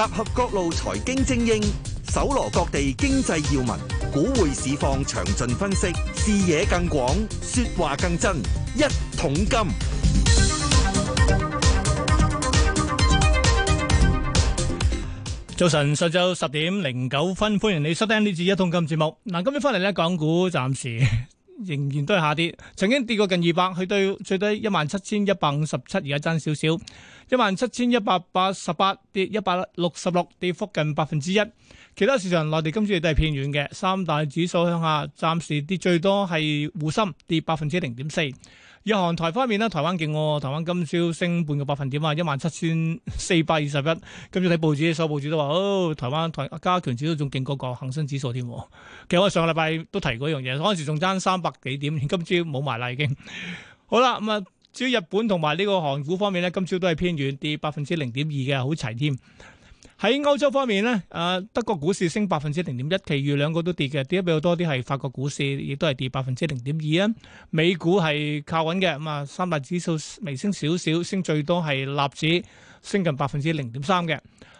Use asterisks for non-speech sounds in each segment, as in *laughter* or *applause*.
集合各路財經精英，搜羅各地經濟要聞，股匯市況詳盡分析，視野更廣，說話更真。一桶金，早晨，上晝十點零九分，歡迎你收聽呢次一桶金節目。嗱，今日翻嚟呢，港股暫時仍然都係下跌，曾經跌過近二百，去到最低一萬七千一百五十七，而家爭少少。一萬七千一百八十八，跌一百六十六，跌幅近百分之一。其他市場，內地今次亦都係偏軟嘅，三大指數向下，暫時跌最多係滬深，跌百分之零點四。日韓台方面呢，台灣勁、哦，台灣今朝升半個百分點啊，一萬七千四百二十一。今朝睇報紙，所有報紙都話，哦，台灣台加權指數仲勁過個恒生指數添、哦。其實我上個禮拜都提過一樣嘢，嗰陣時仲爭三百幾點，今朝冇埋啦，已經了了。好啦，咁啊。至於日本同埋呢個韓股方面，今朝都係偏軟，跌百分之零點二嘅，好齊添。喺歐洲方面呢誒，德國股市升百分之零點一，其餘兩個都跌嘅，跌得比較多啲係法國股市，亦都係跌百分之零點二啊。美股係靠穩嘅，咁啊，三大指數微升少少，升最多係納指，升近百分之零點三嘅。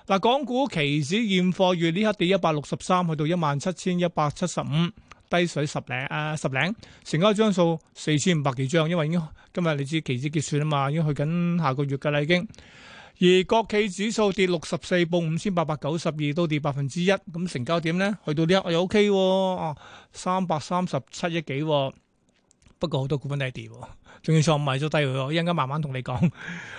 嗱，港股期指現貨月呢刻跌一百六十三，去到一萬七千一百七十五。低水十零啊十零，成交張數四千五百幾張，因為已經今日你知期指結算啊嘛，已經去緊下個月噶啦已經。而國企指數跌六十四，報五千八百九十二，都跌百分之一。咁成交點咧，去到呢一刻、哎、OK 喎、哦，三百三十七億幾、哦。不過好多股份都係跌，仲要創埋咗低佢咯。一陣間慢慢同你講。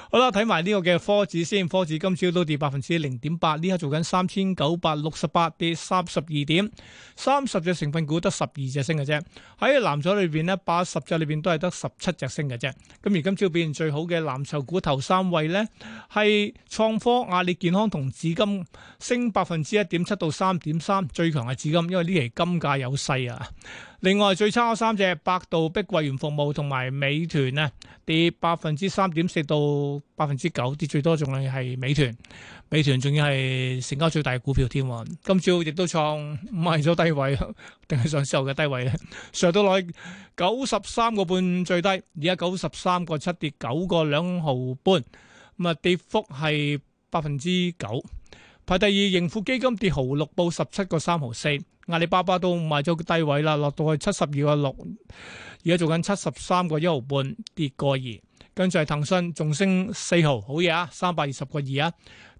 好啦，睇埋呢個嘅科指先，科指今朝都跌百分之零點八，呢刻做緊三千九百六十八跌三十二點，三十隻成分股得十二隻升嘅啫。喺藍組裏邊呢，八十隻裏邊都係得十七隻升嘅啫。咁而今朝表現最好嘅藍籌股頭三位呢，係創科、阿里健康同紫金升，升百分之一點七到三點三，最強係紫金，因為呢期金價有勢啊。另外最差的三隻，百度、碧桂園服務同埋美團咧，跌百分之三點四到百分之九，跌最多仲係係美團，美團仲要係成交最大嘅股票添。今朝亦都創賣咗低位，定係上市後嘅低位咧？上到落九十三個半最低，而家九十三個七跌九個兩毫半，咁啊跌幅係百分之九。排第二，盈富基金跌毫六，報十七個三毫四。阿里巴巴都賣咗低位啦，落到去七十二個六，而家做緊七十三個一毫半，跌個二。跟住係騰訊，仲升四毫，好嘢啊，三百二十個二啊！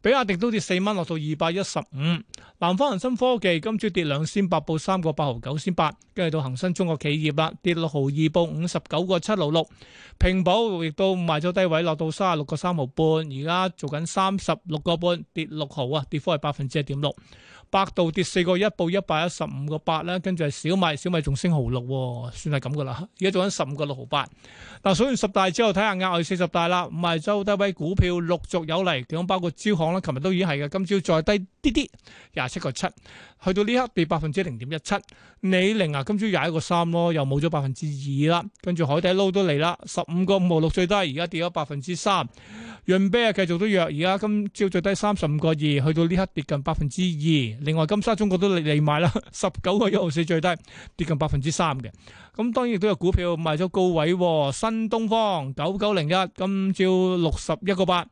比亞迪都跌四蚊，落到二百一十五。南方恒生科技今朝跌兩仙八，報三個八毫九仙八。跟住到恒生中國企業啦，跌六毫二，報五十九個七六六。平保亦都賣咗低位，落到三十六個三毫半，而家做緊三十六個半，跌六毫啊，跌幅係百分之一點六。百度跌四個一，報一百一十五個八啦，跟住係小米，小米仲升毫六，算係咁噶啦。而家做緊十五個六毫八。嗱，數完十大之後，睇下額外四十大啦。唔係周低位股票陸續有嚟，咁包括招行啦，琴日都已經係嘅，今朝再低啲啲，廿七個七，去到呢刻跌百分之零點一七。李寧啊，今朝廿一個三咯，又冇咗百分之二啦，跟住海底撈都嚟啦，十五個五毫六最低，而家跌咗百分之三。潤啤繼續都弱，而家今朝最低三十五個二，去到呢刻跌近百分之二。另外，金沙中國都離離賣啦，十九個一毫四最低，跌近百分之三嘅。咁當然亦都有股票賣咗高位，新東方九九零一，今朝六十一個八，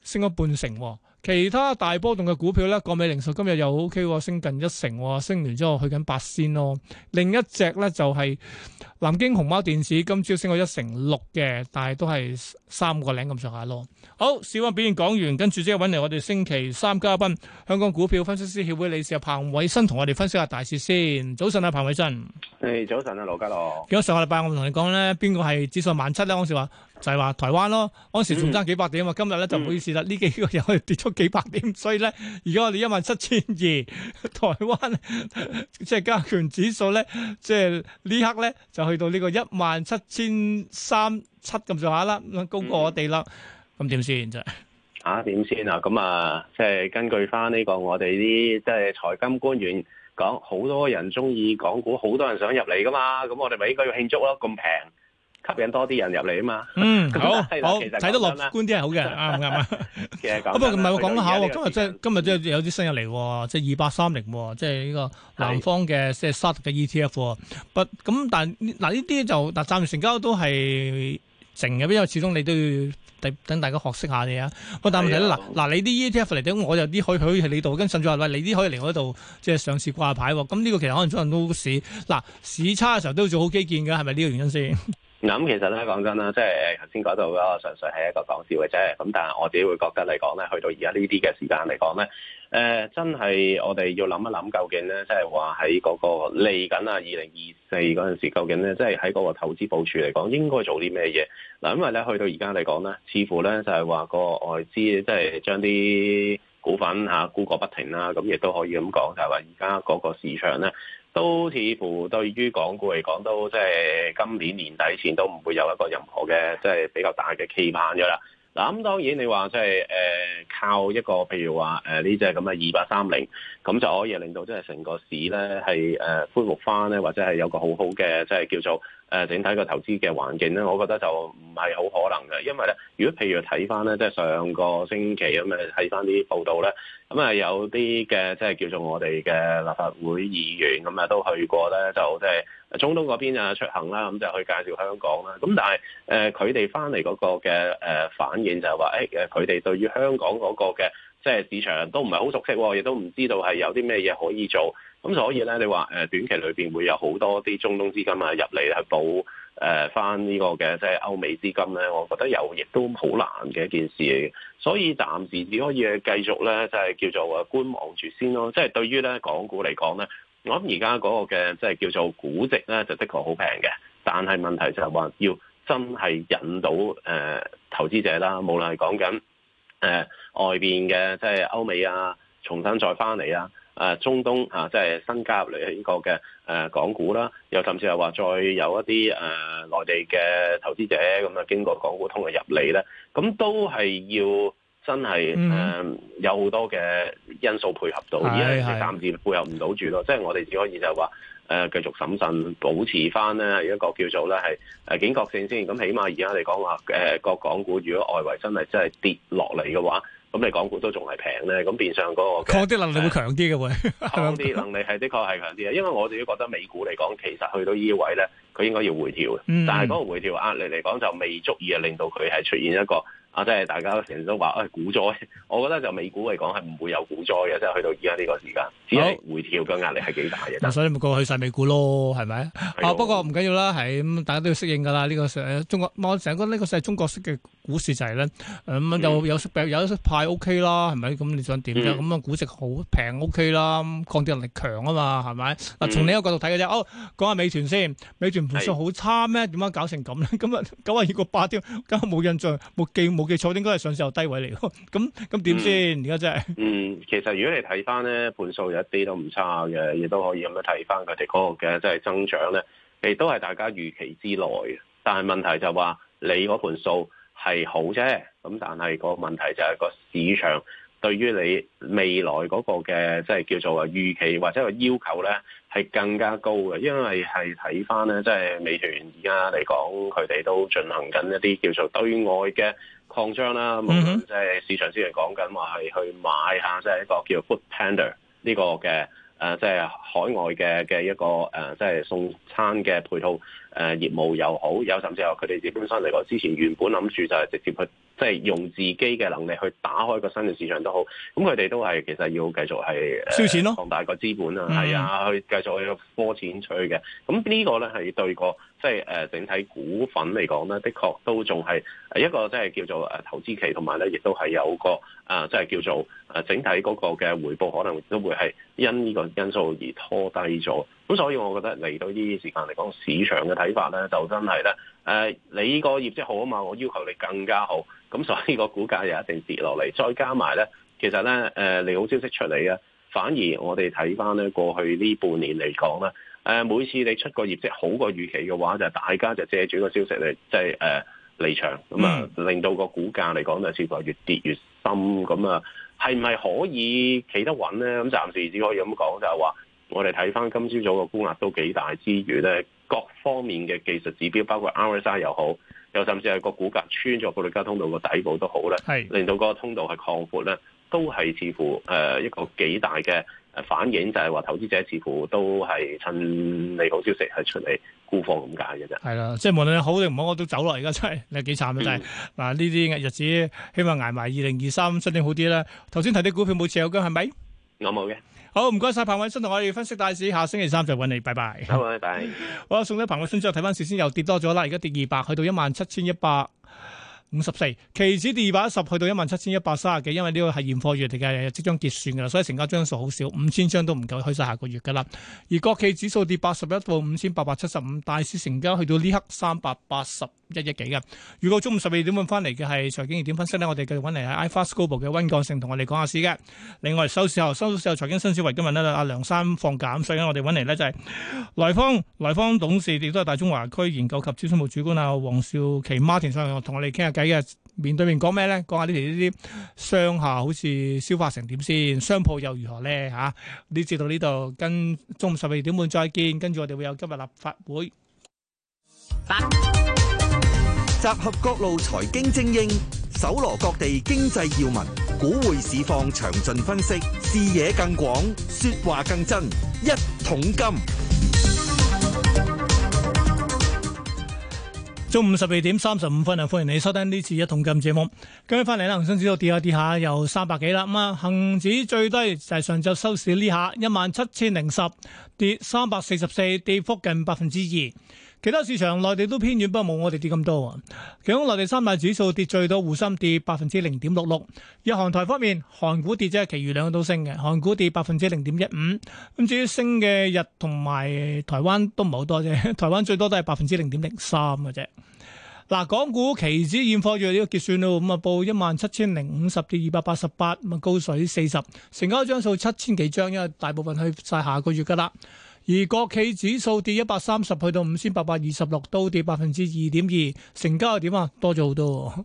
升咗半成。其他大波動嘅股票呢，國美零售今日又 OK，升近一成，升完之後去緊八仙咯。另一隻呢、就是，就係。南京熊貓電子今朝升過一成六嘅，但係都係三個零咁上下咯。好，市況表現講完，跟住即係搵嚟我哋星期三嘉賓，香港股票分析師協會理事啊彭偉新同我哋分析下大市先。早晨啊，彭偉新。誒，hey，早晨啊，羅家樂。咁啊，上個禮拜我同你講咧，邊個係指數萬七咧？嗰時話就係、是、話台灣咯。嗰時仲爭幾百點啊，嗯、今日咧就唔好意思啦。呢、嗯、幾個又可以跌出幾百點，所以咧，而 *laughs* *laughs* 家我哋、就是、一萬七千二，台灣即係加權指數咧，即係呢刻咧就。去到呢個一萬七千三七咁上下啦，咁高過我哋啦，咁點先啫？吓點先啊？咁啊，即係根據翻呢個我哋啲即係財金官員講，好多人中意港股，好多人想入嚟噶嘛，咁我哋咪應該要慶祝咯，咁平。吸引多啲人入嚟啊嘛，嗯好嗯樣好睇得樂觀啲係好嘅啱唔啱啊？其實咁，不過唔係我講下喎，今日即係今日即係有啲新入嚟，即係二八三零，即係呢個南方嘅即係沙特嘅 E T F。不咁但嗱呢啲就嗱暫時成交都係成日，因為始終你都要等大家學識下但是的你啊。不過但係問題嗱嗱你啲 E T F 嚟咁，我就有啲可以喺你度，跟住甚至話喂你啲可以嚟我度即係上市掛牌。咁呢個其實可能最近都市嗱市差嘅時候都要做好基建嘅，係咪呢個原因先？咁，其實咧講真啦，即係頭先講到啦，剛才那我純粹係一個講笑嘅啫。咁但係我自己會覺得嚟講咧，去到而家呢啲嘅時間嚟講咧，誒、呃、真係我哋要諗一諗、就是那個，究竟咧即係話喺嗰個嚟緊啊二零二四嗰陣時，究竟咧即係喺嗰個投資部署嚟講，應該做啲咩嘢？嗱，因為咧去到而家嚟講咧，似乎咧就係話個外資即係、就是、將啲。股份嚇沽個不停啦、啊，咁亦都可以咁講。就係話，而家嗰個市場咧，都似乎對於港股嚟講，都即係今年年底前都唔會有一個任何嘅即係比較大嘅期盼咗啦。嗱咁當然，你話即係誒靠一個譬如話誒呢隻咁嘅二八三零，咁就可以令到即係成個市咧係誒恢復翻咧，或者係有個好好嘅即係叫做誒整體個投資嘅環境咧，我覺得就唔係好可能嘅，因為咧如果譬如睇翻咧即係上個星期咁誒睇翻啲報道咧，咁啊有啲嘅即係叫做我哋嘅立法會議員咁啊都去過咧，就即係中東嗰邊啊，出行啦，咁就去介紹香港啦。咁但係誒，佢哋翻嚟嗰個嘅誒、呃、反應就係話，誒、欸、誒，佢哋對於香港嗰個嘅即係市場都唔係好熟悉，亦都唔知道係有啲咩嘢可以做。咁所以咧，你話誒、呃、短期裏邊會有好多啲中東資金啊入嚟去補誒翻呢個嘅即係歐美資金咧，我覺得又亦都好難嘅一件事嚟嘅。所以暫時只可以繼續咧，即係叫做誒觀望住先咯。即係對於咧港股嚟講咧。我諗而家嗰個嘅即係叫做估值咧，就的確好平嘅。但係問題就係話要真係引到誒、呃、投資者啦，無論係講緊誒外邊嘅即係歐美啊，重新再翻嚟、呃、啊，誒中東啊，即係新加入嚟呢個嘅誒、呃、港股啦，又甚至係話再有一啲誒、呃、內地嘅投資者咁啊，經過港股通去入嚟咧，咁都係要，真係誒有好多嘅因素配合到，而家暫時配合唔到住咯。是是即係我哋只可以就係話誒繼續審慎保持翻咧一個叫做咧係警覺性先。咁起碼而家你講話誒個港股，如果外圍真係真係跌落嚟嘅話，咁你港股都仲係平咧。咁變相嗰個抗跌能力會強啲嘅喎，抗跌、呃、 *laughs* 能力係的確係強啲，因為我哋都覺得美股嚟講，其實去到依位咧，佢應該要回調、嗯、但係嗰個回調壓力嚟講，就未足以啊，令到佢係出現一個。即係大家成日都話誒、哎、股災，我覺得就美股嚟講係唔會有股災嘅，即、就、係、是、去到而家呢個時間只係回調嘅壓力係幾大嘅。嗱、哦，所以咪過去晒美股咯，係咪的、啊？不過唔緊要啦，係咁，大家都要適應噶啦。呢、這個誒，中國、嗯、我成日覺得呢個係中國式嘅股市就係、是、咧，咁、嗯、就、嗯、有有有派 O、OK、K 啦，係咪？咁你想點啫？咁啊、嗯、股、嗯嗯、值好平 O K 啦，抗跌能力強啊嘛，係咪？嗱，從你一個角度睇嘅啫。嗯、哦，講下美團先，美團盤數好差咩？點樣的搞成咁咧？咁啊，九廿二個八點，咁我冇印象，冇記冇。嘅錯應該係上市後低位嚟，咁咁點先？而家真係嗯，其實如果你睇翻咧盤數有一啲都唔差嘅，亦都可以咁樣睇翻佢哋嗰個嘅即係增長咧，亦都係大家預期之內嘅。但係問題就話你嗰盤數係好啫，咁但係個問題就係個市場對於你未來嗰個嘅即係叫做預期或者個要求咧係更加高嘅，因為係睇翻咧即係美團而家嚟講，佢哋都進行緊一啲叫做對外嘅。擴張啦，無論即係市場先嚟講緊話係去買下，即係一個叫 foodpanda 呢個嘅誒，即係海外嘅嘅一個誒，即係送餐嘅配套。誒業務又好，有甚至話佢哋自己本身嚟講，之前原本諗住就係直接去，即、就、係、是、用自己嘅能力去打開個新嘅市場都好。咁佢哋都係其實要繼續係燒錢咯，擴、uh, 大個資本、嗯、啊，係啊，去繼續去攞錢出嘅。咁呢個咧係對個即係、就是呃、整體股份嚟講咧，的確都仲係一個即係、就是、叫做投資期，同埋咧亦都係有個即係、呃就是、叫做整體嗰個嘅回報，可能都會係因呢個因素而拖低咗。咁所以，我覺得嚟到呢啲時間嚟講，市場嘅睇法咧，就真係咧，誒、呃，你個業績好啊嘛，我要求你更加好，咁所以個股價又一定跌落嚟。再加埋咧，其實咧、呃，你利好消息出嚟啊，反而我哋睇翻咧過去呢半年嚟講咧、呃，每次你出個業績好過預期嘅話，就係、大家就借住個消息嚟，即係誒離場，咁啊，令到個股價嚟講就似乎越跌越深，咁啊，係唔係可以企得穩咧？咁、嗯、暫時只可以咁講，就係話。我哋睇翻今朝早個沽壓都幾大之餘咧，各方面嘅技術指標，包括 RSI 又好，又甚至係個股價穿咗保力加通道個底部都好咧，是令到個通道係擴闊咧，都係似乎誒、呃、一個幾大嘅反應，就係、是、話投資者似乎都係趁利好消息係出嚟沽貨咁解嘅啫。係啦，即係無論好定唔好，我都走落嚟家真係，你幾慘啊真係嗱，呢啲日子希望捱埋二零二三，新年好啲啦。頭先睇啲股票冇持有嘅係咪？是是我冇嘅。好，唔該晒彭偉新同我哋分析大市，下星期三就搵你，拜拜。好，拜拜。家。哇，送咗彭偉新之後，睇翻事先又跌多咗啦，而家跌二百，去到一萬七千一百。五十四，54，期指跌二百一十，去到一萬七千一百三十幾，因為呢個係現貨月嚟嘅，即將結算嘅啦，所以成交張數好少，五千張都唔夠，開晒下個月噶啦。而國企指數跌八十一到五千八百七十五，大市成交去到呢刻三百八十一億幾嘅。如果中午十二點半翻嚟嘅係財經熱點分析呢，我哋繼續搵嚟係 iFast Global 嘅溫鋼城同我哋講一下市嘅。另外收市後，收市後財經新主播今日呢，阿梁生放假，所以我哋搵嚟呢就係、是、萊方萊方董事亦都係大中華區研究及資訊部主管啊，黃少奇 Martin 上同我哋傾下。今日面對面，講咩呢？講下呢條呢啲商廈好似消化成點先，商鋪又如何呢？吓，呢節到呢度，跟中午十二點半再見，跟住我哋會有今日立法會。集合各路財經精英，搜羅各地經濟要聞，股匯市況詳盡分析，視野更廣，說話更真，一桶金。中午十二點三十五分啊，歡迎你收聽呢次一桶金節目。今日翻嚟啦，恒生指數跌下跌下，又三百幾啦。咁啊，恒指最低就係上晝收市呢下，一萬七千零十，跌三百四十四，跌幅近百分之二。其他市場內地都偏軟，不過冇我哋跌咁多。其中內地三大指數跌最多，滬深跌百分之零點六六。日韓台方面，韓股跌啫，其餘兩個都升嘅。韓股跌百分之零點一五。咁至於升嘅日同埋台灣都唔係好多啫，台灣最多都係百分之零點零三嘅啫。嗱，港股期指現貨月呢個結算咯，咁啊報一萬七千零五十，跌二百八十八，咁啊高水四十，成交張數七千幾張，因為大部分去晒下個月噶啦。而國企指數跌一百三十，去到五千八百二十六，都跌百分之二點二。成交又點啊？多咗好多喎，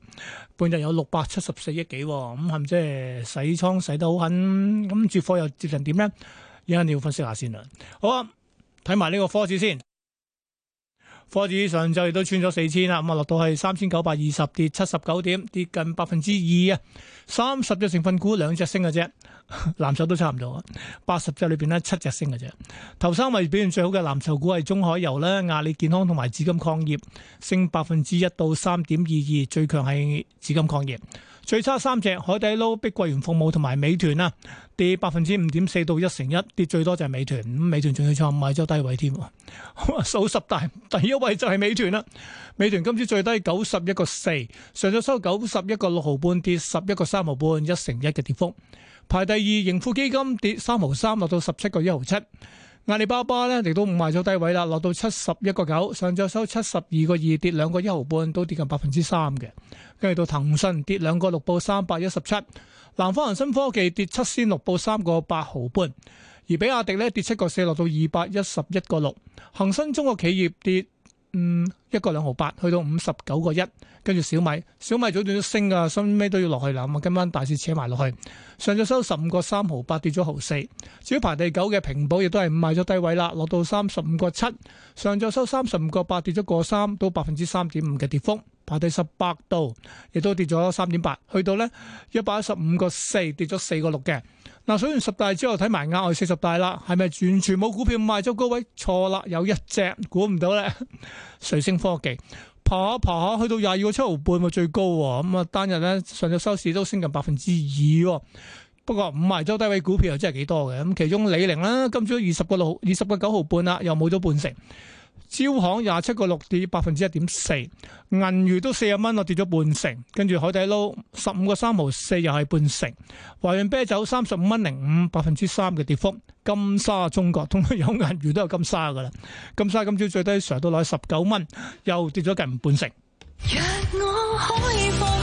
半日有六百七十四億幾，咁係咪即係洗倉洗得好狠？咁接貨又接成點咧？而家你要分析一下先啦。好啊，睇埋呢個科字先。股市上晝亦都穿咗四千啦，咁啊落到係三千九百二十，跌七十九點，跌近百分之二啊。三十隻成分股兩隻升嘅啫，藍籌都差唔多。八十隻裏邊呢，七隻升嘅啫。頭三位表現最好嘅藍籌股係中海油啦，阿里健康同埋紫金礦業，升百分之一到三點二二，最強係紫金礦業。最差三隻，海底撈、碧桂園服務同埋美團啦，跌百分之五點四到一成一，跌最多就係美團。咁美團仲要創買咗低位添喎，數十大第一位就係美團啦。美團今次最低九十一個四，上咗收九十一個六毫半，跌十一個三毫半，一成一嘅跌幅。排第二盈富基金跌三毫三，落到十七個一毫七。阿里巴巴咧，嚟到賣咗低位啦，落到七十一個九。上晝收七十二個二，跌兩個一毫半，都跌近百分之三嘅。跟住到騰訊跌兩個六，報三百一十七。南方恒生科技跌七仙六，報三個八毫半。而比亞迪咧，跌七個四，落到二百一十一個六。恒生中國企業跌嗯，一個兩毫八，去到五十九個一，跟住小米，小米早段都升㗎，收尾都要落去啦。咁啊，今晚大市扯埋落去，上晝收十五個三毫八，跌咗毫四。至於排第九嘅平保，亦都係賣咗低位啦，落到三十五個七，上晝收三十五個八，跌咗個三，到百分之三點五嘅跌幅。排第十八度，亦都跌咗三點八，去到咧一百一十五個四，跌咗四個六嘅。嗱，數完十大之後，睇埋額外四十大啦，係咪完全冇股票賣咗高位？錯啦，有一隻估唔到咧，瑞聲科技爬下爬下去到廿二個七毫半喎，最高喎、啊。咁、嗯、啊，單日咧上日收市都升近百分之二喎。不過五賣咗低位股票又真係幾多嘅，咁、嗯、其中李寧啦，今朝二十個六，二十個九毫半啦，又冇咗半成。招行廿七個六跌百分之一點四，銀娛都四十蚊我跌咗半成，跟住海底撈十五個三毫四又係半成，華潤啤酒三十五蚊零五百分之三嘅跌幅，金沙中國通通有銀娛都有金沙噶啦，金沙今朝最低上到嚟十九蚊，又跌咗近半成。若我可以放。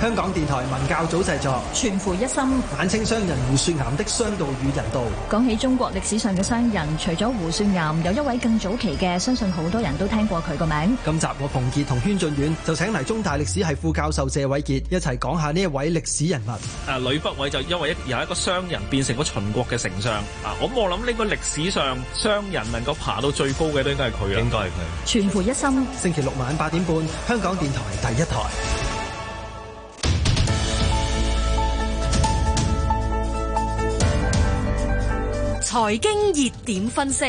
香港電台文教組製作，全乎一心，晚清商人胡雪岩的商道與人道。講起中國歷史上嘅商人，除咗胡雪岩，有一位更早期嘅，相信好多人都聽過佢個名。今集我馮杰同軒俊遠就請嚟中大歷史系副教授謝偉傑一齊講下呢一位歷史人物。啊，呂不韋就因為由一個商人變成咗秦國嘅丞相啊！咁我諗呢個歷史上商人能夠爬到最高嘅，都應該係佢啊，應該係佢。全乎一心，星期六晚八點半，香港電台第一台。財經熱點分析，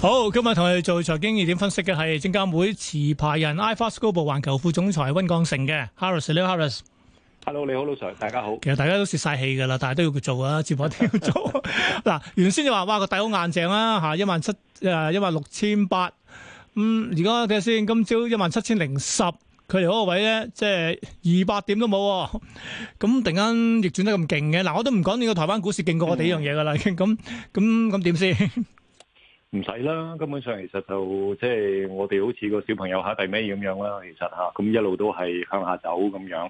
好，今日同你做財經熱點分析嘅係證監會持牌人 iFAST Global 環球副總裁溫廣成嘅 Harris。Hello，Harris。Hello，你好老 sir，大家好。其實大家都泄晒氣噶啦，但係都要做啊，直播都要做。嗱， *laughs* *laughs* 原先就話，哇，個底好硬淨啦，啊，吓一萬七誒，呃，一萬六千八，咁而家睇下先，今朝一萬七千零十。佢哋嗰個位咧，即係二百點都冇，咁突然間逆轉得咁勁嘅，嗱，我都唔講你個台灣股市勁過我哋一樣嘢噶啦，咁咁咁點先？唔使啦，根本上其實就即係、就是、我哋好似個小朋友下第尾咁樣啦，其實吓咁一路都係向下走咁樣。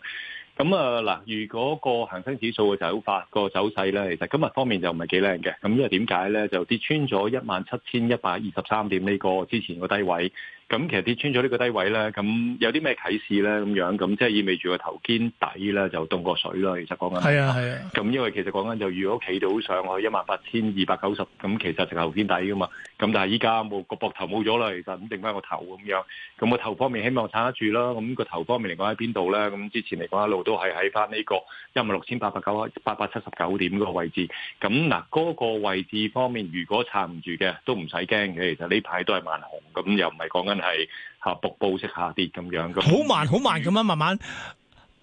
咁啊嗱，如果個恒生指數嘅走法、個走勢咧，其實今日方面就唔係幾靚嘅，咁因為點解咧？就跌穿咗一萬七千一百二十三點呢個之前個低位。咁其實跌穿咗呢個低位咧，咁有啲咩啟示咧？咁樣咁即係意味住個頭肩底咧就凍過水咯。其實講緊係啊係啊。咁因為其實講緊就如果企到上去一萬八千二百九十，咁其實仲係頭肩底噶嘛。咁但係依家冇個膊頭冇咗啦。其實咁淨返個頭咁樣。咁個頭方面希望撐得住啦。咁、個頭方面嚟講喺邊度咧？咁之前嚟講一路都係喺翻呢個一萬六千八百九八百七十九點嗰個位置。咁嗱嗰個位置方面，如果撐唔住嘅都唔使驚嘅。其實呢排都係萬紅咁，又唔係講緊。係吓瀑布式下跌咁樣，咁好慢好慢咁樣慢慢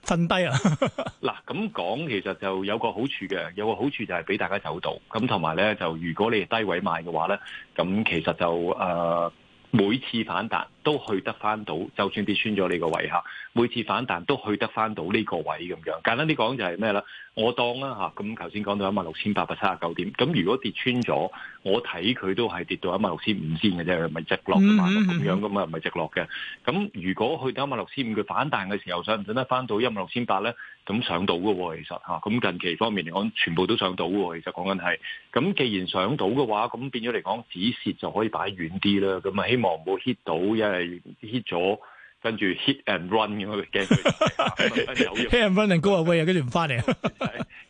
震低啊！嗱， *laughs* 咁講其實就有個好處嘅，有個好處就係俾大家走到，咁同埋咧，就如果你係低位賣嘅話咧，咁其實就誒、呃、每次反彈。都去得翻到，就算跌穿咗呢個位嚇，每次反彈都去得翻到呢個位咁樣。簡單啲講就係咩啦？我當啊嚇，咁頭先講到一萬六千八百七十九點，咁如果跌穿咗，我睇佢都係跌到一萬六千五先嘅啫，唔係直落㗎嘛，咁樣㗎嘛，唔係直落嘅。咁如果去到一萬六千五，佢反彈嘅時候，想唔想得翻到一萬六千八咧？咁上到嘅喎，其實嚇，咁、啊、近期方面嚟講，全部都上到嘅喎，其實講緊係。咁既然上到嘅話，咁變咗嚟講，止蝕就可以擺遠啲啦。咁啊，希望唔好 hit 到嘅。係 hit 咗，跟住 hit and run 咁樣嘅 game，hit and run and go away 啊， *laughs* 跟住唔翻嚟，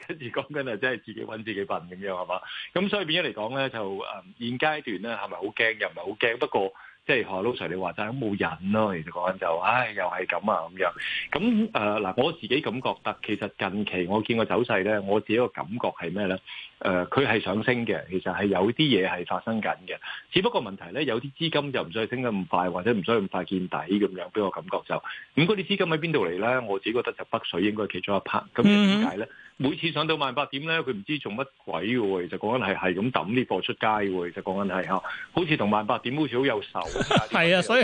跟住講緊係真係自己搵自己笨咁樣係嘛，咁所以變咗嚟講咧，就誒現階段咧係咪好驚又唔係好驚，不過。即係何老 Sir 你話齋都冇癮咯，其實講緊就，唉、哎，又係咁啊咁樣。咁誒嗱，我自己感覺得其實近期我見個走勢咧，我自己個感覺係咩咧？誒、呃，佢係上升嘅，其實係有啲嘢係發生緊嘅。只不過問題咧，有啲資金就唔需要升得咁快，或者唔需要咁快見底咁樣。俾我感覺就，咁嗰啲資金喺邊度嚟咧？我自己覺得就北水應該其中一 part。咁點解咧？嗯每次上到萬八點咧，佢唔知做乜鬼嘅喎，就講緊係係咁抌啲貨出街嘅喎，就講緊係嚇，好似同萬八點好似好有仇。係 *laughs* 啊，所以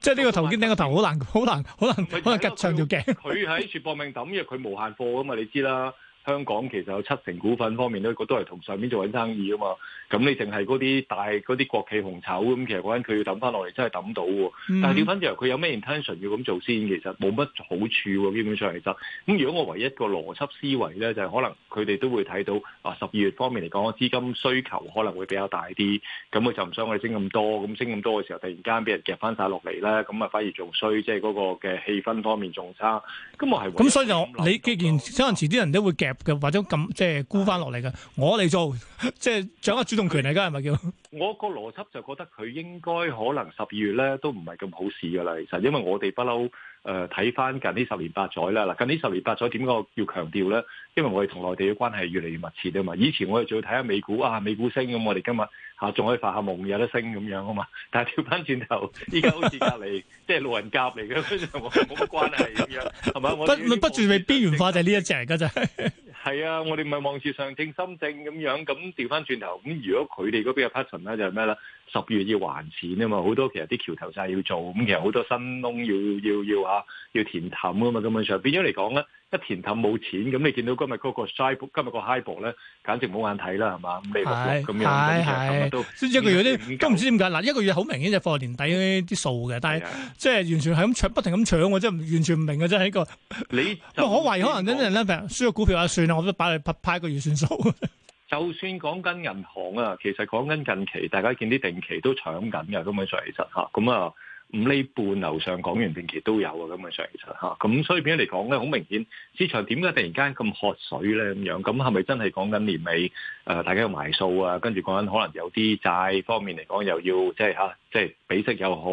即係呢個頭肩頂個頭好難，好 *laughs* 難，可能可能吉長條頸。佢喺全搏命抌，因為佢無限貨啊嘛，你知啦。 *laughs* 香港其實有七成股份方面咧，個都係同上面做緊生意啊嘛。咁你淨係嗰啲大嗰啲國企紅籌咁，其實講緊佢要抌翻落嚟，真係抌到喎。但係調翻轉頭，佢有咩 intention 要咁做先？其實冇乜好處喎。基本上其實，咁如果我唯一,一個邏輯思維咧，就係、是、可能佢哋都會睇到啊十二月方面嚟講，資金需求可能會比較大啲。咁佢就唔想我哋升咁多，咁升咁多嘅時候，突然間俾人夾翻晒落嚟咧，咁啊反而仲衰，即係嗰個嘅氣氛方面仲差。咁我係咁、嗯、所以就你既然可能遲啲人都會夾。嘅或者咁即係沽翻落嚟嘅，我嚟做即係、就是、掌握主動權嚟噶，係咪叫？我個邏輯就覺得佢應該可能十二月咧都唔係咁好市噶啦，其實因為我哋不嬲誒睇翻近呢十年八載啦，嗱近呢十年八載點解？要強調咧，因為我哋同內地嘅關係越嚟越密切啊嘛。以前我哋仲要睇下美股啊，美股升咁，我哋今日嚇仲可以發下夢有得升咁樣啊嘛。但係調翻轉頭，依家好似隔離即係路人甲嚟嘅， *laughs* 我冇乜關係嘅，係嘛？不不不，註定邊緣化就係呢一隻噶咋？ *laughs* 係啊，我哋唔係望住上證深證咁樣，咁調翻轉頭。咁如果佢哋嗰邊嘅 passion 咧，就係咩啦？十月要還錢啊嘛，好多其實啲橋頭債要做，咁其實好多新窿要要要啊，要填氹啊嘛咁樣上，變咗嚟講咧，一填氹冇錢，咁你見到今日嗰個 sharp，今日個 high 博咧，簡直冇眼睇啦，係嘛？未落咗咁樣，咁啊都，先唔知佢嗰啲都唔知點解。嗱，一個月好明顯就放年底啲數嘅，但係即係完全係咁搶，不停咁搶嘅，即係完全唔明嘅，即係呢個你，我懷疑可能真啲人咧，譬如輸咗股票啊，算啦，我都擺佢拍派一個月算數。就算講緊銀行啊，其實講緊近期，大家見啲定期都搶緊嘅咁樣上其實吓，咁啊五厘半樓上講完定期都有啊咁樣上其實吓，咁所以變咗嚟講咧，好明顯市場點解突然間咁渴水咧咁樣？咁係咪真係講緊年尾大家要埋數啊？跟住講緊可能有啲債方面嚟講又要即係吓，即係比息又好。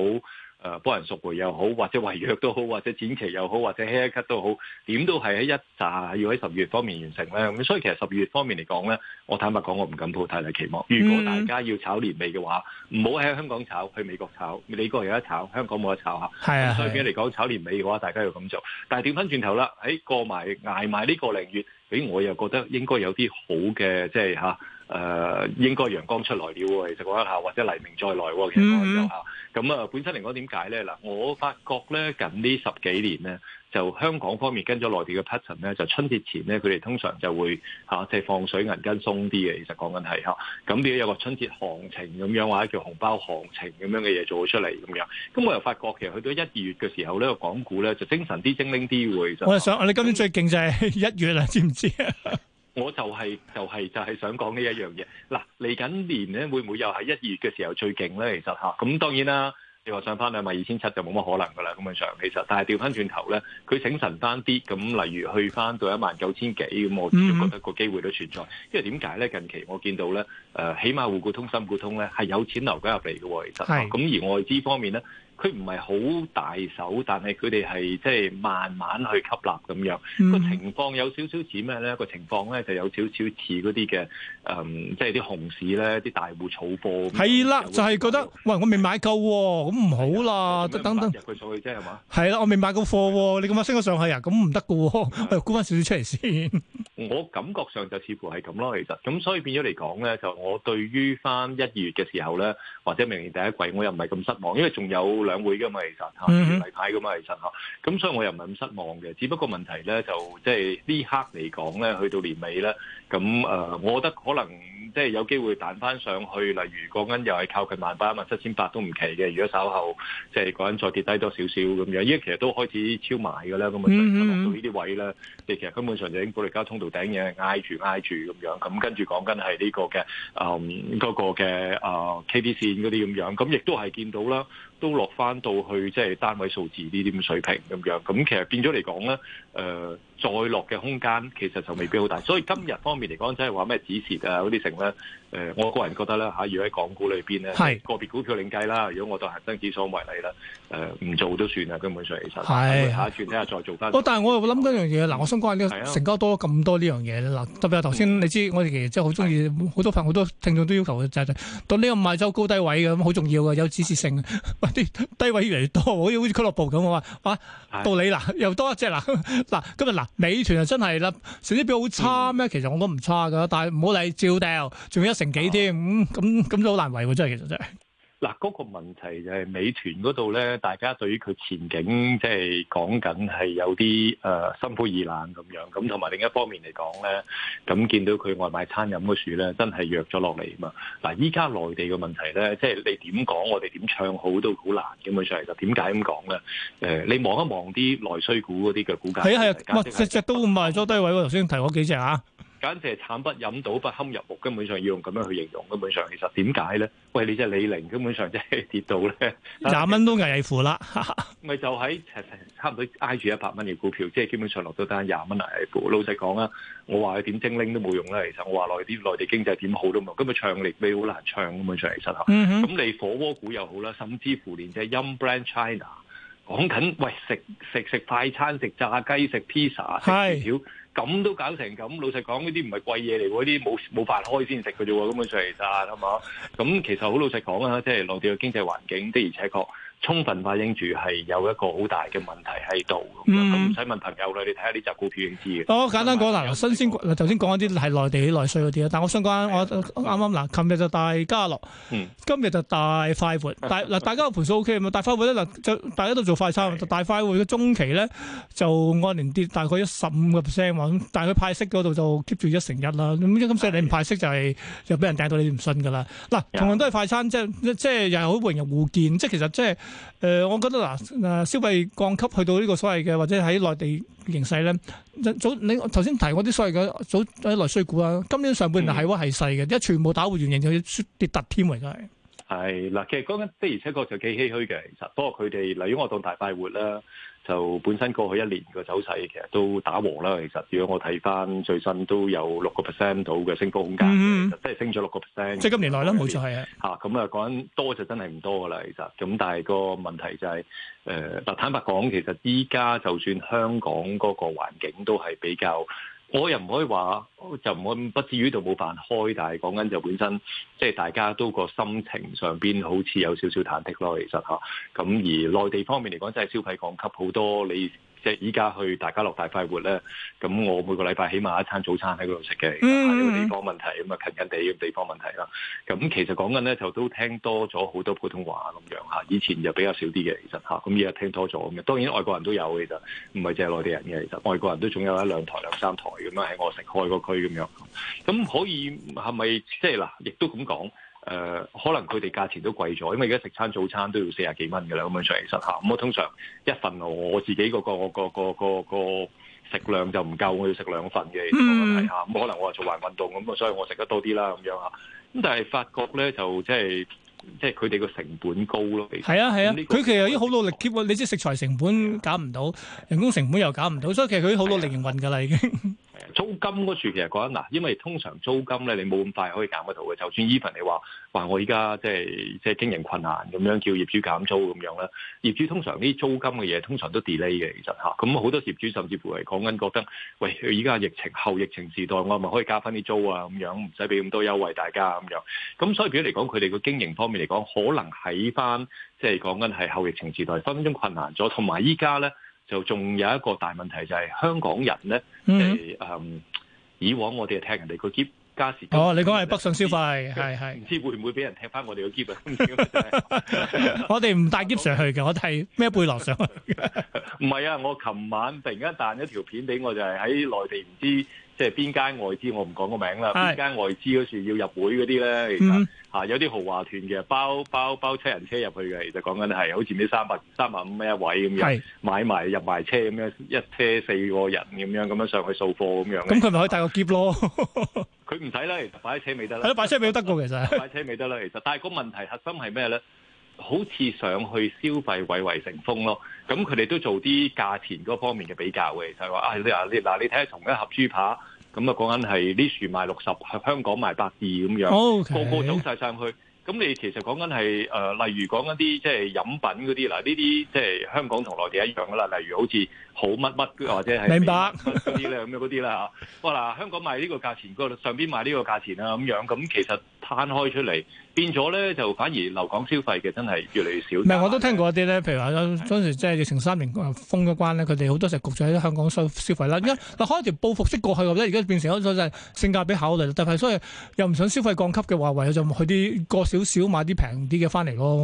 誒、呃、幫人贖回又好，或者違約都好，或者展期又好，或者 haircut 都好，點都係喺一紮要喺十二月方面完成咧。咁所以其實十二月方面嚟講咧，我坦白講我唔敢抱太大，大期望。如果大家要炒年尾嘅話，唔好喺香港炒，去美國炒，美國有得炒，香港冇得炒嚇。係啊是，所以嚟講炒年尾嘅話，大家要咁做。但係調翻轉頭啦，喺過埋捱埋呢個零月，俾、欸、我又覺得應該有啲好嘅，即、就、係、是誒、呃，應該陽光出來了喎，其實講一下，或者黎明再來，其實講一下。咁啊、嗯，本身嚟講點解咧？嗱，我發覺咧，近呢十幾年咧，就香港方面跟咗內地嘅 pattern 咧，就春節前咧，佢哋通常就會吓即係放水銀根鬆啲嘅。其實講緊係吓，咁要有個春節行情咁樣或者叫紅包行情咁樣嘅嘢做出嚟咁樣。咁我又發覺，其實去到一二月嘅時候呢，這個、港股咧就精神啲、精靈啲。會，我想，我哋今年最勁就係一月啦，知唔知啊？我就係、是、就係、是、就係、是、想講呢一樣嘢。嗱、啊，嚟緊年咧，會唔會又係一、二月嘅時候最勁咧？其實嚇，咁、啊、當然啦。你話上翻兩萬二千七就冇乜可能噶啦，咁樣上其實。但係調翻轉頭咧，佢醒神翻啲，咁例如去翻到一萬九千幾，咁我覺得個機會都存在。Mm hmm. 因為點解咧？近期我見到咧，誒、呃，起碼滬股通、深股通咧係有錢流緊入嚟嘅喎，其實。咁是、啊、而外資方面咧。佢唔係好大手，但係佢哋係即係慢慢去吸納咁樣個、嗯、情況，有少少似咩咧？個情況咧就有少少似嗰啲嘅誒，即係啲熊市咧，啲大戶儲貨。係啦的，就係覺得，覺得喂，我未買夠、哦，咁唔好啦，等等等。佢上去啫係嘛？係啦、哦，的我未買夠貨，你咁樣升咗上去啊？咁唔得嘅喎，我沽翻少少出嚟先。我感覺上就似乎係咁咯，其實咁所以變咗嚟講咧，就我對於翻一月嘅時候咧，或者明年第一季，我又唔係咁失望，因為仲有。兩會嘅嘛，其實吓，年例派嘅嘛，其實吓，咁所以我又唔係咁失望嘅，只不過問題咧就即係呢刻嚟講咧，去到年尾咧。 *music* *music* *music* *music* 咁誒、呃，我覺得可能即係有機會彈翻上去，例如講緊又係靠近萬八一萬七千八都唔奇嘅。如果稍後即係講緊再跌低多少少咁樣，因為其實都開始超賣㗎啦。咁啊，落到呢啲位咧，即其實根本上就已經保歷加通道頂嘅，挨住挨住咁樣。咁跟住講緊係呢個嘅誒嗰個嘅誒 K D 線嗰啲咁樣，咁亦都係見到啦，都落翻到去即係單位數字呢啲水平咁樣。咁其實變咗嚟講咧，誒、呃。再落嘅空間其實就未必好大，所以今日方面嚟講，即係話咩止蝕啊嗰啲成咧。誒、呃，我個人覺得咧嚇，如果喺港股裏邊咧，是個別股票另計啦。如果我當恒生指數為例啦，誒、呃、唔做都算啦，根本上其實係下是一次睇下再做翻。但係我又諗緊一樣嘢，嗱、嗯，我想講下呢個成交多咁多呢樣嘢嗱，特別係頭先你知，我哋其實真係好中意好多朋友好多聽眾都要求是就係到呢個買週高低位咁，好重要嘅，有指示性是低位越嚟越多，好似好似俱樂部咁啊，啊，是到你嗱又多一隻嗱嗱今日嗱美團就真係啦，成績表好差咩？嗯、其實我都唔差噶，但係唔好理，照掉，仲有零幾添，咁咁都好難為喎，真係其實真係。嗱，嗰個問題就係美團嗰度咧，大家對於佢前景即係講緊係有啲誒、呃、心灰意冷咁樣，咁同埋另一方面嚟講咧，咁見到佢外賣餐飲嗰樹咧，真係弱咗落嚟嘛。嗱，依家內地嘅問題咧，即、就、係、是、你點講，我哋點唱好都好難基本上嚟。就點解咁講咧？誒，你望一望啲內需股嗰啲嘅股價，係啊係啊，哇，只只都賣咗低位喎。頭先提嗰幾隻啊。簡直係慘不忍睹，不堪入目，根本上要用咁樣去形容。根本上其實點解咧？喂，你真係李寧根本上即係跌到咧，廿蚊都危乎啦。咪 *laughs* 就喺差唔多挨住一百蚊嘅股票，即係基本上落咗單廿蚊危乎。老實講啊，我話佢點精靈都冇用啦。其實我話內啲內地經濟點好都冇，咁嘅唱力咩，好難唱根本上其實啊。咁、mm hmm. 你火鍋股又好啦，甚至乎連即係、Yum、Brand China 講緊喂食食食快餐、食炸雞、食披薩、食薯條。咁都搞成咁，老實講嗰啲唔係貴嘢嚟喎，啲冇冇法開先食佢啫喎，咁樣出嚟曬，係嘛？咁其實好老實講啊，即係內地嘅經濟環境的而且確。充分反映住係有一個好大嘅問題喺度，唔使、嗯、問朋友啦，你睇下呢隻股票已經知嘅。我簡單講啦，新鮮嗱，頭先講一啲係內地內需嗰啲但我想講，的我啱啱嗱，琴日就大家樂，嗯、今日就大快活， *laughs* 大嗱，大家嘅盤數 O、OK, K 大快活咧嗱，就大家都做快餐的大快活嘅中期咧就按年跌大概一十五個 percent 但佢派息嗰度就 keep 住一成一啦，咁今次你唔派息就係又俾人掟到你唔信㗎啦。嗱，同樣都係快餐，即係即又係好榮入互見，即係其實即係呃、我覺得嗱、啊啊，消費降級去到呢個所謂嘅，或者喺內地形勢咧，早你頭先提嗰啲所謂嘅早喺內需股啊，今年上半年係話係細嘅，一、嗯、全部打回原形，就要跌突添。門嘅，係。係啦，其實講緊的而且確就幾唏噓嘅，其實，不過佢哋例如我當大快活啦。就本身過去一年個走勢，其實都打和啦。其實，如果我睇翻最新，都有六個 percent 到嘅升幅空間，即係升咗六個 percent。即係今年內啦，冇錯係啊。嚇，咁啊講多就真係唔多噶啦，其實。咁但係個問題就係，誒嗱坦白講，其實依家就算香港嗰個環境都係比較。我又唔可以話，就唔可以不至於到冇辦開，但係講緊就本身，即係大家都個心情上邊好似有少少忐忑咯。其實咁而內地方面嚟講，真係消費降級好多你。即係依家去大家樂大快活咧，咁我每個禮拜起碼一餐早餐喺嗰度食嘅，mm hmm. 這個地方問題咁啊，近近地咁地方問題啦。咁其實講緊咧就都聽多咗好多普通話咁樣嚇，以前就比較少啲嘅其實嚇，咁而家聽多咗咁嘅。當然外國人都有嘅，其實唔係淨係內地人嘅，其實外國人都總有一兩台兩三台咁樣喺我食、開個區咁樣。咁可以係咪即係嗱？亦都咁講。誒、呃，可能佢哋價錢都貴咗，因為而家食餐早餐都要四十幾蚊嘅啦，咁樣上其實嚇，咁我通常一份我,我自己、個個個個個食量就唔夠，我要食兩份嘅咁、嗯、樣嚇，咁可能我做環運動咁啊，所以我食得多啲啦咁樣嚇，咁但係發覺咧就即係即係佢哋個成本高咯，係啊係啊，佢、啊這個、其實已經好努力 keep，、啊、你知食材成本減唔到，人工成本又減唔到，所以其實佢好努力營、啊、運噶啦已經。 *laughs* 租金嗰處其實講緊嗱，因為通常租金咧，你冇咁快可以減得到嘅。就算 even 你話話我依家即係即係經營困難咁樣叫業主減租咁樣啦，業主通常啲租金嘅嘢，通常都 delay 嘅，其實吓。咁好多業主甚至乎係講緊覺得，喂，依家疫情後疫情時代，我係咪可以加翻啲租啊？咁樣唔使俾咁多優惠大家咁樣。咁所以譬如嚟講，佢哋個經營方面嚟講，可能喺翻即係講緊係後疫情時代分分鐘困難咗，同埋依家咧。就仲有一個大問題就係、是、香港人咧，誒、mm hmm. 以往我哋踢人哋個喼加時，哦，你講係北上消費，係係，唔知會唔會俾人踢翻我哋個喼啊？我哋唔帶喼上去嘅，我哋係咩背囊上去？唔係啊！我琴晚突然間彈咗條片俾我，就係、是、喺內地唔知。即係邊間外資我唔講個名啦，邊間是外資嗰時要入會嗰啲咧，其實吓有啲豪華團嘅，包包包七人車入去嘅，其實講緊係好似啲三百三百五蚊一位咁樣，是買埋入埋車咁樣，一車四個人咁樣咁樣上去掃貨咁樣。咁佢咪可以帶個喼咯？佢唔使啦其實擺車未得啦。係咯， *laughs* 擺車咪得過其實，擺 *laughs* 車未得啦其實。但係個問題核心係咩咧？好似上去消費蔚為成風咯，咁佢哋都做啲價錢嗰方面嘅比較嘅，就係話啊，你嗱，你嗱，你睇下同一盒豬扒，咁啊講緊係啲樹賣六十，香港賣百二咁樣，oh, okay. 個個走晒上去，咁你其實講緊係誒，例如講一啲即係飲品嗰啲嗱，呢啲即係香港同內地一樣噶啦，例如好似。好乜乜或者係明白嗰啲咧，咁樣嗰啲啦嚇，哇 *laughs* 嗱香港賣呢個價錢，上邊賣呢個價錢啊，咁樣，咁其實攤開出嚟變咗咧，就反而留港消費嘅真係越嚟越少。咪我都聽過一啲咧，譬如話嗰陣時即係疫情三年封咗關咧，佢哋好多就焗住喺香港消消費啦。依嗱開一條報復式過去或者而家變成咗就係性價比考慮，但係所以又唔想消費降級嘅話，唯有就去啲過少少買啲平啲嘅翻嚟咯。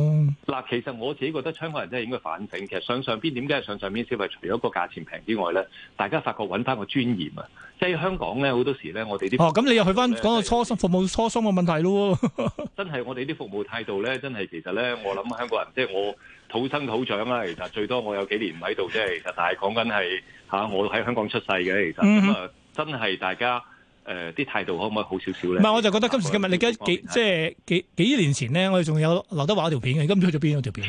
嗱，其實我自己覺得香港人真係應該反省，其實上上邊點解係上上邊消費除了一個，除咗個價錢平之外咧，大家發覺揾翻個尊嚴啊！即係香港咧，好多時咧，我哋啲哦，咁你又去翻講到初心是服務初心嘅問題咯。 *laughs* 真係我哋啲服務態度咧，真係其實咧，我諗香港人即係我土生土長啊，其實最多我有幾年唔喺度，即係，但係講緊係吓我喺香港出世嘅，其實咁啊，嗯、哼真係大家。誒啲、呃、態度可唔可以好少少咧？唔係我就覺得今時今日你而家幾即係的幾幾，幾年前咧，我哋仲有劉德華條片嘅，而家去咗邊條片？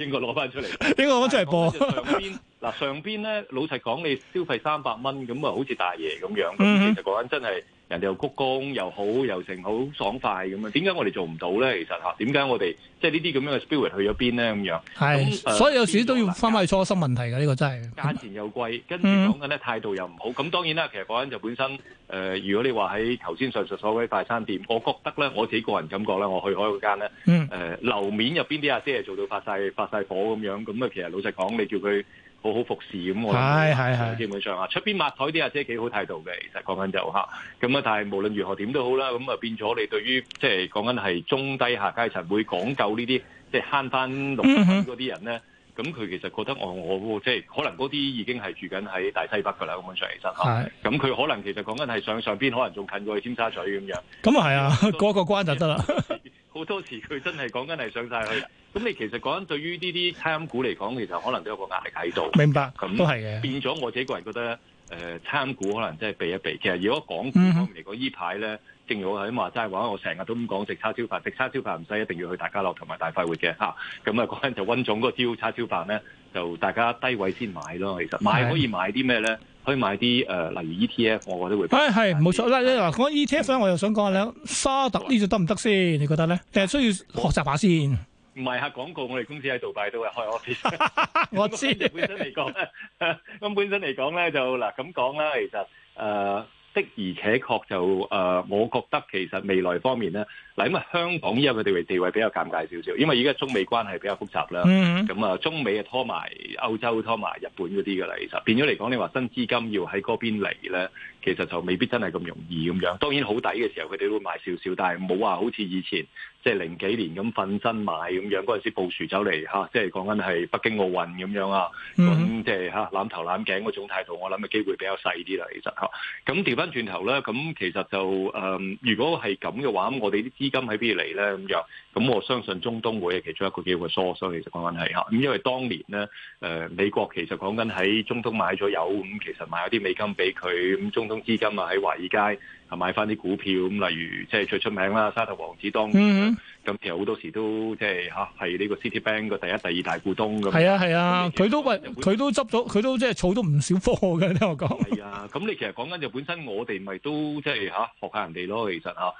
應該攞翻出嚟，應該攞出嚟播。嗱上邊咧， *laughs* 老實講，你消費三百蚊，咁啊，好似大爺咁樣。咁、mm hmm. 其實講緊真係。人哋又鞠躬又好，又成好爽快咁樣，點解我哋做唔到咧？其實嚇，點解我哋即係呢啲咁樣嘅 spirit 去咗邊咧？咁是樣係，呃、所以有時都要翻返去初心問題㗎。呢、呢個真係價錢又貴，跟住講緊咧態度又唔好。咁、嗯、當然啦，其實講緊就本身誒、呃，如果你話喺頭先上述所謂快餐店，我覺得咧我自己個人感覺咧，我去開嗰間呢，誒、嗯呃、樓面入邊啲阿姐係做到發晒發晒火咁樣，咁啊其實老實講，你叫佢。好 *noise* 好服侍咁，我係係係基本上啊，出邊抹台啲阿姐幾好態度嘅，其實講緊就吓，咁啊。但係無論如何點都好啦，咁啊變咗你對於即係講緊係中低下階層會講究呢啲，即係慳翻農村嗰啲人咧，咁佢、嗯、哼其實覺得我我即係、就是、可能嗰啲已經係住緊喺大西北噶啦，咁樣上嚟真嚇。咁佢是是 可能其實講緊係上上邊，可能仲近過去尖沙咀咁樣。咁啊係啊，過、嗯、個關就得啦。好多時佢真係講緊係上晒去，咁你其實講緊對於呢啲餐股嚟講，其實可能都有個壓力喺度。明白，咁都係嘅。變咗我自己個人覺得，誒、呃、餐股可能真係避一避。其實如果港股方面嚟講，依排咧，正如我喺話齋話，我成日都咁講，食叉燒飯，食叉燒飯唔使一定要去大家樂同埋大快活嘅嚇咁啊，講緊就温總嗰個招叉燒飯咧，就大家低位先買咯。其實買可以買啲咩咧？可以買啲誒，例如 ETF，我覺得會。誒係冇錯啦！嗱，講 ETF 咧我又想講下咧，沙特呢隻得唔得先？你覺得咧？定係需要學習下先。賣下廣告，我哋公司喺杜拜都會開 office。我知。咁本身嚟講咧，咁本身嚟講咧，就嗱咁講啦。其實誒。的而且確就誒，我覺得其實未來方面咧，嗱，因為香港依個地位地位比較尷尬少少，因為而家中美關係比較複雜啦，咁啊、mm，hmm. 中美啊拖埋歐洲拖埋日本嗰啲嘅啦，其實變咗嚟講，你話新資金要喺嗰邊嚟咧。其實就未必真係咁容易咁樣，當然好抵嘅時候佢哋都會買少少，但係冇話好似以前即係、就是、零幾年咁奮身買咁樣，嗰陣時布殊走嚟、啊、即係講緊係北京奧運咁樣啊，咁即係攬頭攬頸嗰種態度，我諗嘅機會比較細啲啦，其實咁調翻轉頭咧，咁、啊、其實就、呃、如果係咁嘅話，咁我哋啲資金喺邊嚟咧咁樣？咁我相信中東會係其中一個叫個疏疏，其實講緊係吓，咁因為當年咧，誒，美國其實講緊喺中東買咗油，咁其實買咗啲美金俾佢，咁中東資金啊喺華爾街係買翻啲股票，咁例如即係、就是、最出名啦，沙特王子當年。嗯咁其實好多時都即係吓，係、啊、呢個 City Bank 個第一、第二大股東咁。係啊，係啊，佢樣都佢都執咗，佢都即係儲到唔少貨嘅。聽我講係啊，咁、嗯、你、嗯、其實講緊就本身我哋咪都即係吓，學下人哋咯。其實吓，咁啊，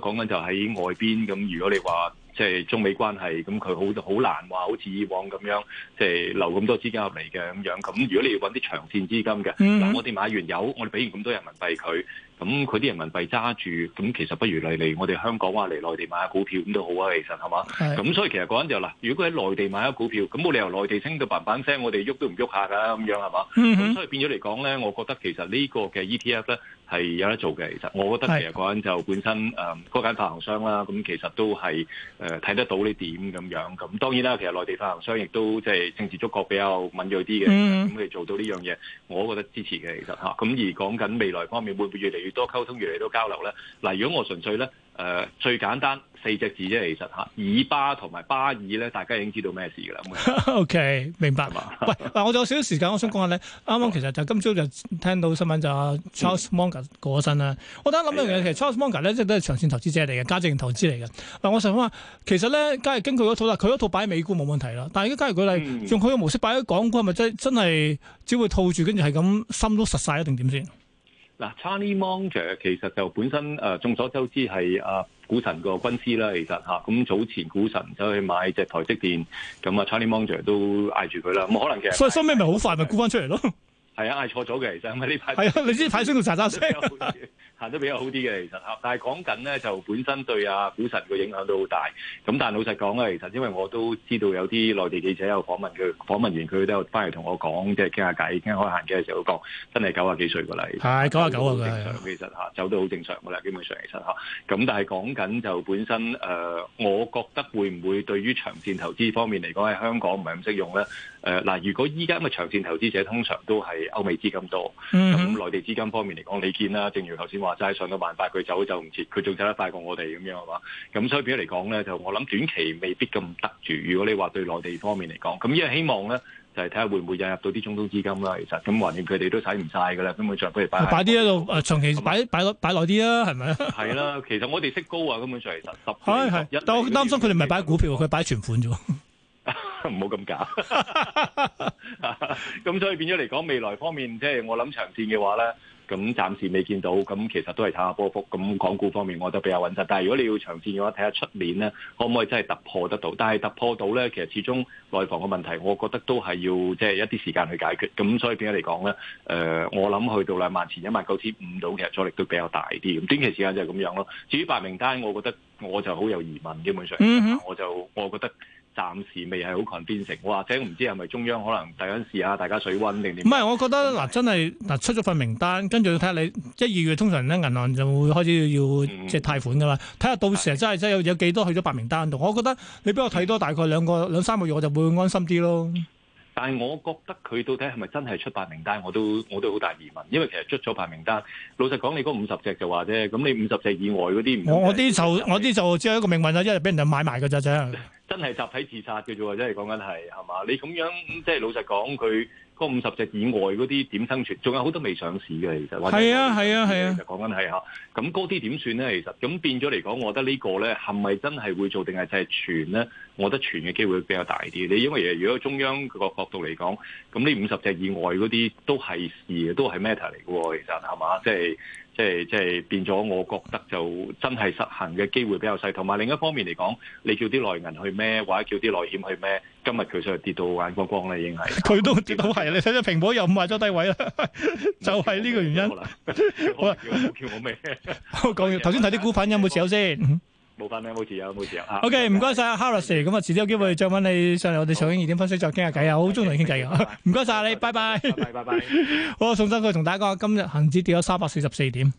講緊就喺外邊咁。如果你話即係中美關係咁，佢好好難話好似以往咁樣，即、就、係、是、留咁多資金入嚟嘅咁樣。咁如果你要搵啲長線資金嘅，嗱、啊，我哋買完油，我哋俾完咁多人民幣佢，咁佢啲人民幣揸住，咁其實不如嚟嚟我哋香港或嚟內地買下股票咁都。好啊， *noise* 其實係嘛，咁所以其實嗰陣，就嗱，如果喺內地買咗股票，咁冇理由內地升到嘭嘭聲，我哋喐都唔喐下噶咁樣係嘛，咁所以變咗嚟講咧，我覺得其實個 F 呢個嘅 ETF 咧。係有得做嘅，其實我覺得其實嗰陣就本身誒嗰是、呃、間發行商啦，咁其實都係誒睇得到呢點咁樣。咁當然啦，其實內地發行商亦都即係政治觸覺比較敏鋭啲嘅，咁佢、嗯、做到呢樣嘢，我覺得支持嘅其實嚇。咁、啊、而講緊未來方面，會唔會越嚟越多溝通，越嚟越多交流咧？嗱、啊，如果我純粹咧誒、呃、最簡單四隻字啫、就是，其、啊、實以巴同埋巴爾咧，大家已經知道咩事㗎啦。 *laughs* OK，吧明白。喂，嗱喂，我仲有少少時間， *laughs* 我想講下咧。啱啱其實就今朝就聽到新聞就 Munger,、嗯，就 Charles Munger 過咗身啦！我等下諗一樣嘢，其實 Charlie Munger 咧，即係都係長線投資者嚟嘅，價值型投資嚟嘅。嗱，我成日話，其實咧，梗係跟佢嗰套啦，佢嗰套擺喺美股冇問題啦。但係如果假如舉例用佢嘅模式擺喺港股，係咪真真係只會套住，跟住係咁心都實晒一定點先？嗱，Charlie Munger 其實就本身誒、呃，眾所周知係啊股神個軍師啦，其實咁、啊、早前股神走去買隻台積電，咁啊 Charlie Munger 都嗌住佢啦。咁、嗯、可能其實所以收尾咪好快咪沽翻出嚟咯？ *laughs* 係啊，嗌、哎、錯咗嘅，其實咁啊呢排。係啊，你知泰升同查沙升行得比較好啲嘅， *laughs* 其實嚇。但係講緊咧，就本身對啊股神個影響都好大。咁但係老實講啊，其實因為我都知道有啲內地記者有訪問佢，訪問完佢都有翻嚟同我講，即係傾下偈，傾開閒偈嘅時候都講，真係九啊幾歲噶啦。係是九啊九啊，佢其實嚇走都好正常噶啦的，基本上其實嚇。咁但係講緊就本身誒、呃，我覺得會唔會對於長線投資方面嚟講，喺香港唔係咁識用咧？誒，嗱、呃，如果依家咁嘅長線投資者通常都係歐美資金多，咁內、嗯、哼地資金方面嚟講，你見啦，正如頭先話齋，上到萬八，佢走就唔切，佢仲走得快過我哋咁樣啊嘛。咁所以變咗嚟講咧，就我諗短期未必咁得住。如果你話對內地方面嚟講，咁依家希望咧就係睇下會唔會引入到啲中東資金啦。其實咁，橫掂佢哋都使唔晒㗎啦，咁佢再俾嚟擺。擺啲喺度，長期擺擺擺耐啲啦，係咪啊？係 *laughs* 啦，其實我哋息高啊，根本上其實十的但我擔心佢哋唔係擺股票，佢擺存款啫。 *laughs* 唔好咁假，咁 *laughs* 樣 *laughs* 所以變咗嚟講，未來方面即係、就是、我諗長線嘅話咧，咁暫時未見到，咁其實都係睇下波幅。咁港股方面，我覺得比較穩陣。但係如果你要長線嘅話，睇下出年咧，可唔可以真係突破得到？但係突破到咧，其實始終內房嘅問題，我覺得都係要即係、就是、一啲時間去解決。咁所以變咗嚟講咧，誒、呃，我諗去到兩萬前一萬九千五度其實阻力都比較大啲。咁短期時間就係咁樣咯。至於白名單，我覺得我就好有疑問。基本上，mm hmm. 我就我覺得。暫時未係好確變成，或者唔知係咪中央可能第陣時啊，大家水温定點？唔係，我覺得嗱是、啊，真係嗱、啊，出咗份名單，跟住要睇下你一、二月，通常咧銀行就會開始要即係貸款噶啦，睇下、嗯、到時候真係真有是有幾多去咗白名單度。我覺得你俾我睇多大概兩個兩三個月，我就會安心啲咯。但係，我覺得佢到底係咪真係出白名單，我都我都好大疑問。因為其實出咗白名單，老實講，你嗰五十隻就話啫，咁你五十隻以外嗰啲，唔我啲就我啲就只有一個命運啦，一係俾人哋買埋㗎啫，真係集體自殺嘅啫喎！真係講緊係係嘛？你咁樣即係老實講佢。嗰五十隻以外嗰啲點生存？仲有好多未上市嘅，啊啊啊、其實，係啊係啊係啊，講緊係嚇。咁嗰啲點算咧？其實咁變咗嚟講，我覺得呢個咧係咪真係會做定係就係存咧？我覺得存嘅機會比較大啲。你因為如果中央個角度嚟講，咁呢五十隻以外嗰啲都係事，都係 matter 嚟嘅喎。其實係嘛，即係。即係即係變咗，我覺得就真係實行嘅機會比較細。同埋另一方面嚟講，你叫啲內銀去咩，或者叫啲內險去咩，今日佢就跌到眼光光啦，已經係。佢都跌到係，你睇睇蘋果又唔賣咗低位啦，就係呢個原因。能好啦，叫我咩？好講完，頭先睇啲股份有冇持有先。冇返啦，冇事啊，冇事啊。OK，唔該晒 Harris 咁啊。拜拜 謝，遲啲、嗯、有機會再揾你上嚟，我哋上影二點分析再傾下偈。我好中意同你傾偈噶，唔該晒你，拜拜。拜拜拜拜。 *laughs* 好，重新再同大家講，今日恒指跌咗三百四十四點。